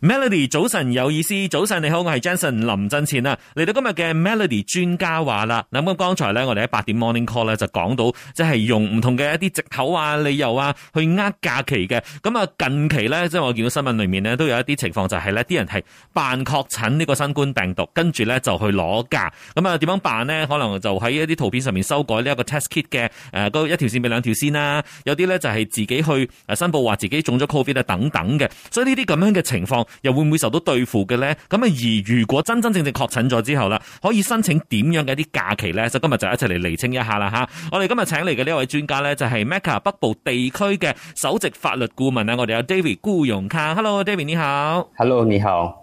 Melody，早晨有意思，早晨你好，我係 Jensen 林振倩啊，嚟到今日嘅 Melody 專家話啦。咁剛才咧我哋喺八點 morning call 咧就講到，即係用唔同嘅一啲借口啊、理由啊去呃假期嘅。咁啊，近期咧，即係我見到新聞裏面咧都有一啲情況，就係咧啲人係扮確診呢個新冠病毒，跟住咧就去攞假。咁啊，點樣辦咧？可能就喺一啲圖片上面修改呢一個 test kit 嘅誒，嗰一條線變兩條線啦。有啲咧就係自己去誒申報話自己中咗 covid 啊等等嘅。所以呢啲咁樣嘅情況。又會唔會受到對付嘅呢？咁啊，而如果真真正正確診咗之後啦，可以申請點樣嘅一啲假期呢？所以今日就一齊嚟釐清一下啦吓，我哋今日請嚟嘅呢位專家呢，就係 MECA 北部地區嘅首席法律顧問啊！我哋有 David 辜永康，Hello，David 你好，Hello 你好。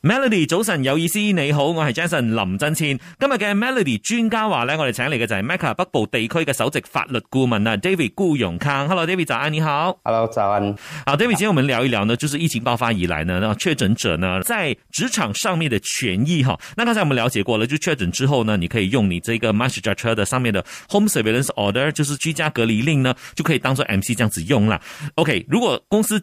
Melody 早晨有意思，你好，我是 Jason 林真千。今日嘅 Melody 專家話呢，我哋請嚟嘅就係 MECA 北部地區嘅首席法律顧問啊，David 辜永康。Hello，David 早安，你好。Hello，早安。好，David，今天我們聊一聊呢，就是疫情爆發以來呢，然、那個、確診者呢，在職場上面的權益哈。那剛、個、才我們了解過了，就確診之後呢，你可以用你這個 MySejahtera 上面的 Home Surveillance Order，就是居家隔離令呢，就可以當做 MC 這樣子用啦，OK，如果公司，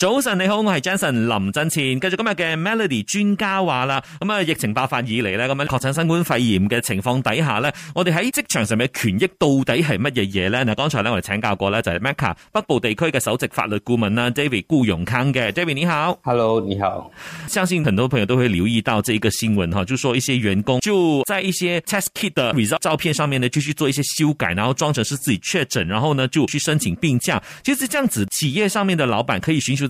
早晨，你好，我係 Jason 林振前。繼續今日嘅 Melody 專家話啦，咁啊，疫情爆發以嚟咧，咁樣確診新冠肺炎嘅情況底下咧，我哋喺職場上面嘅權益到底係乜嘢嘢咧？嗱，剛才咧我哋請教過咧，就係 MECA 北部地區嘅首席法律顧問啦，David 辜永康嘅，David 你好，Hello 你好。相信很多朋友都會留意到這一個新聞哈，就說一些員工就在一些 test kit result 照片上面咧，就去做一些修改，然後裝成是自己確診，然後呢就去申請病假，其實這樣子企業上面嘅老闆可以尋求。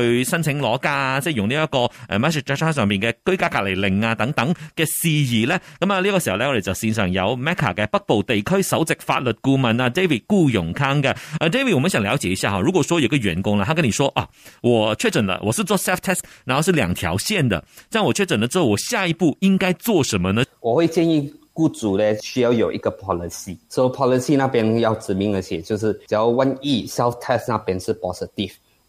去申請攞假，即係用呢一個誒 MySejahtera 上面嘅居家隔離令啊，等等嘅事宜咧。咁啊，呢個時候咧，我哋就線上有 MECA 嘅北部地區首席法律顧問啊，David 辜永康嘅。啊、uh,，David，我哋想了解一下哈。如果說有個員工啦，他跟你說：「啊，我確診了，我是做 self test，然後是兩條線的。這樣我確診了之後，我下一步應該做什麼呢？我會建議雇主咧需要有一個 policy，所以、so、policy 那邊要指明啲，就是只要萬一 self test 那邊是 positive。